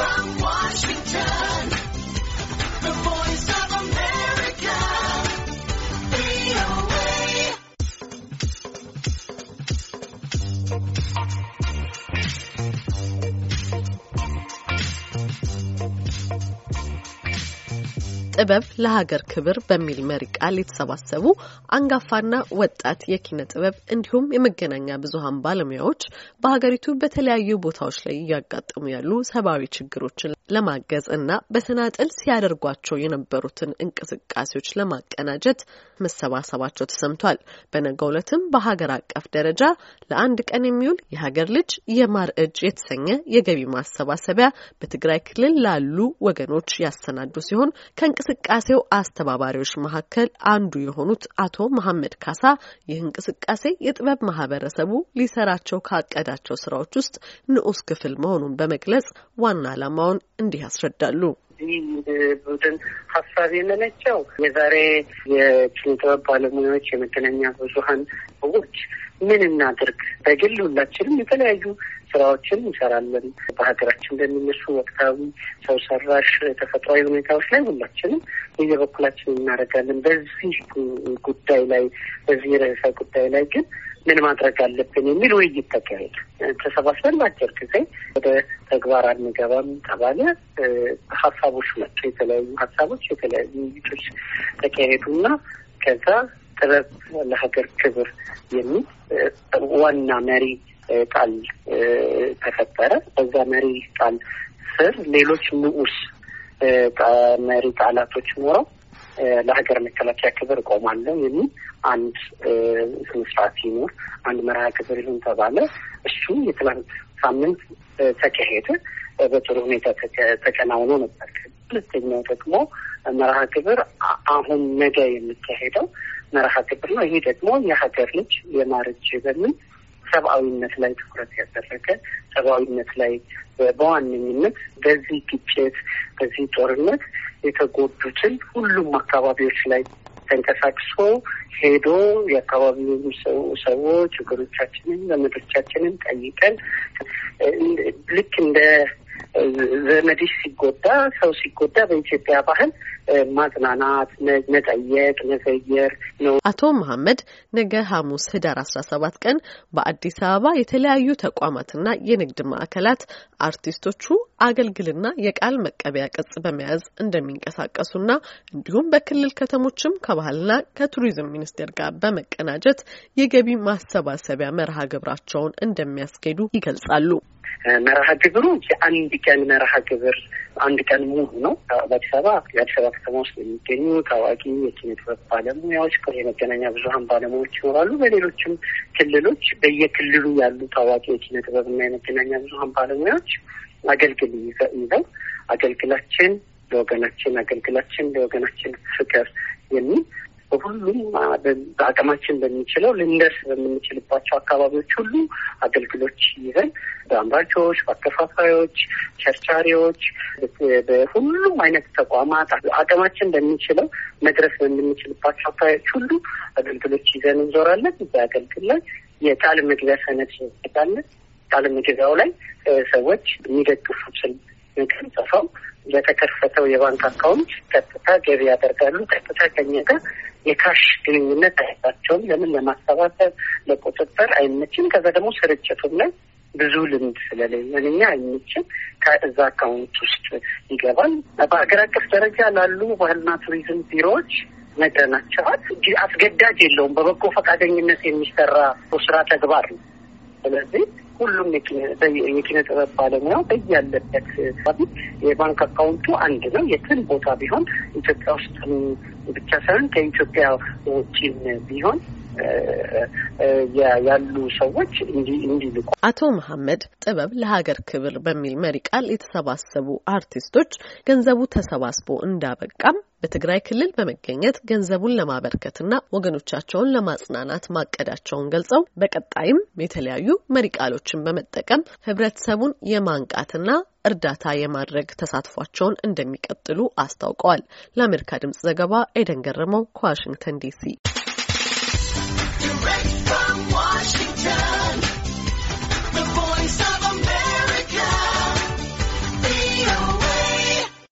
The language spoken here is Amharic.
From Washington, the voice of America, ጥበብ ለሀገር ክብር በሚል መሪ ቃል የተሰባሰቡ አንጋፋና ወጣት የኪነ ጥበብ እንዲሁም የመገናኛ ብዙኃን ባለሙያዎች በሀገሪቱ በተለያዩ ቦታዎች ላይ እያጋጠሙ ያሉ ሰብአዊ ችግሮችን ለማገዝ እና በተናጠል ሲያደርጓቸው የነበሩትን እንቅስቃሴዎች ለማቀናጀት መሰባሰባቸው ተሰምቷል። በነገ ዕለትም በሀገር አቀፍ ደረጃ ለአንድ ቀን የሚውል የሀገር ልጅ የማር እጅ የተሰኘ የገቢ ማሰባሰቢያ በትግራይ ክልል ላሉ ወገኖች ያሰናዱ ሲሆን ከእንቅስ ከእንቅስቃሴው አስተባባሪዎች መካከል አንዱ የሆኑት አቶ መሐመድ ካሳ ይህ እንቅስቃሴ የጥበብ ማህበረሰቡ ሊሰራቸው ካቀዳቸው ስራዎች ውስጥ ንዑስ ክፍል መሆኑን በመግለጽ ዋና ዓላማውን እንዲህ ያስረዳሉ። ይህ ቡድን ሀሳብ የመነጨው የዛሬ የኪነ ጥበብ ባለሙያዎች የመገናኛ ብዙሀን ሰዎች ምን እናድርግ፣ በግል ሁላችንም የተለያዩ ስራዎችን እንሰራለን። በሀገራችን በሚነሱ ወቅታዊ ሰው ሰራሽ ተፈጥሯዊ ሁኔታዎች ላይ ሁላችንም እየበኩላችን እናደርጋለን። በዚህ ጉዳይ ላይ በዚህ ርዕሰ ጉዳይ ላይ ግን ምን ማድረግ አለብን የሚል ውይይት ተካሄደ። ተሰባስበን በአጭር ጊዜ ወደ ተግባር አንገባም ተባለ። ሀሳቦች መጡ። የተለያዩ ሀሳቦች፣ የተለያዩ ውይይቶች ተካሄዱ እና ከዛ ጥበብ ለሀገር ክብር የሚል ዋና መሪ ቃል ተፈጠረ። በዛ መሪ ቃል ስር ሌሎች ንዑስ መሪ ቃላቶች ኖረው ለሀገር መከላከያ ክብር እቆማለሁ የሚል አንድ ስነስርዓት ሲኖር አንድ መርሃ ክብር ይሁን ተባለ። እሱ የትላንት ሳምንት ተካሄደ። በጥሩ ሁኔታ ተከናውኖ ነበር። ሁለተኛው ደግሞ መርሃ ክብር አሁን ነገ የሚካሄደው መርሃ ክብር ነው። ይህ ደግሞ የሀገር ልጅ የማረጀ በምን ሰብአዊነት ላይ ትኩረት ያደረገ ሰብአዊነት ላይ በዋነኝነት በዚህ ግጭት በዚህ ጦርነት የተጎዱትን ሁሉም አካባቢዎች ላይ ተንቀሳቅሶ ሄዶ የአካባቢውን ሰዎች ችግሮቻችንን ዘመዶቻችንን ጠይቀን ልክ እንደ ዘመድሽ ሲጎዳ ሰው ሲጎዳ በኢትዮጵያ ባህል ማጽናናት፣ መጠየቅ፣ መዘየር ነው። አቶ መሀመድ ነገ ሐሙስ ህዳር አስራ ሰባት ቀን በአዲስ አበባ የተለያዩ ተቋማትና የንግድ ማዕከላት አርቲስቶቹ አገልግልና የቃል መቀበያ ቅጽ በመያዝ እንደሚንቀሳቀሱና እንዲሁም በክልል ከተሞችም ከባህልና ከቱሪዝም ሚኒስቴር ጋር በመቀናጀት የገቢ ማሰባሰቢያ መርሃ ግብራቸውን እንደሚያስኬዱ ይገልጻሉ። መርሃ ግብሩ የአንድ ቀን መርሃ ግብር አንድ ቀን ሙሉ ነው። በአዲስ አበባ የአዲስ አበባ ከተማ ውስጥ የሚገኙ ታዋቂ የኪነ ጥበብ ባለሙያዎች፣ የመገናኛ ብዙኃን ባለሙያዎች ይኖራሉ። በሌሎችም ክልሎች በየክልሉ ያሉ ታዋቂ የኪነ ጥበብና የመገናኛ ብዙኃን ባለሙያዎች አገልግል ይዘው አገልግላችን ለወገናችን አገልግላችን ለወገናችን ፍቅር የሚል በሁሉም በአቅማችን በሚችለው ልንደርስ በምንችልባቸው አካባቢዎች ሁሉ አገልግሎች ይዘን በአምራቾች፣ በአከፋፋዮች፣ ቸርቻሪዎች፣ በሁሉም አይነት ተቋማት አቅማችን በምንችለው መድረስ በምንችልባቸው አካባቢዎች ሁሉ አገልግሎች ይዘን እንዞራለን። በአገልግል ላይ የቃል መግቢያ ሰነድ ይጠቃለን። ቃል መግቢያው ላይ ሰዎች የሚደግፉትን ነገር ጽፈው ለተከፈተው የባንክ አካውንት ቀጥታ ገቢ ያደርጋሉ። ቀጥታ ከኛ ጋር የካሽ ግንኙነት አይባቸውም። ለምን ለማሰባሰብ ለቁጥጥር አይመችም። ከዛ ደግሞ ስርጭቱም ላይ ብዙ ልምድ ስለሌለን እኛ አይመችም። ከእዛ አካውንት ውስጥ ይገባል። በሀገር አቀፍ ደረጃ ላሉ ባህልና ቱሪዝም ቢሮዎች ነግረናቸዋል። አስገዳጅ የለውም። በበጎ ፈቃደኝነት የሚሰራ ስራ ተግባር ነው። ስለዚህ ሁሉም የኪነ ጥበብ ባለሙያ በያለበት አካባቢ የባንክ አካውንቱ አንድ ነው። የትን ቦታ ቢሆን ኢትዮጵያ ውስጥ ብቻ ሳይሆን ከኢትዮጵያ ውጭም ቢሆን ያሉ ሰዎች እንዲልቁ። አቶ መሐመድ ጥበብ ለሀገር ክብር በሚል መሪ ቃል የተሰባሰቡ አርቲስቶች ገንዘቡ ተሰባስቦ እንዳበቃም በትግራይ ክልል በመገኘት ገንዘቡን ለማበርከትና ወገኖቻቸውን ለማጽናናት ማቀዳቸውን ገልጸው በቀጣይም የተለያዩ መሪ ቃሎችን በመጠቀም ህብረተሰቡን የማንቃትና እርዳታ የማድረግ ተሳትፏቸውን እንደሚቀጥሉ አስታውቀዋል። ለአሜሪካ ድምጽ ዘገባ ኤደን ገረመው ከዋሽንግተን ዲሲ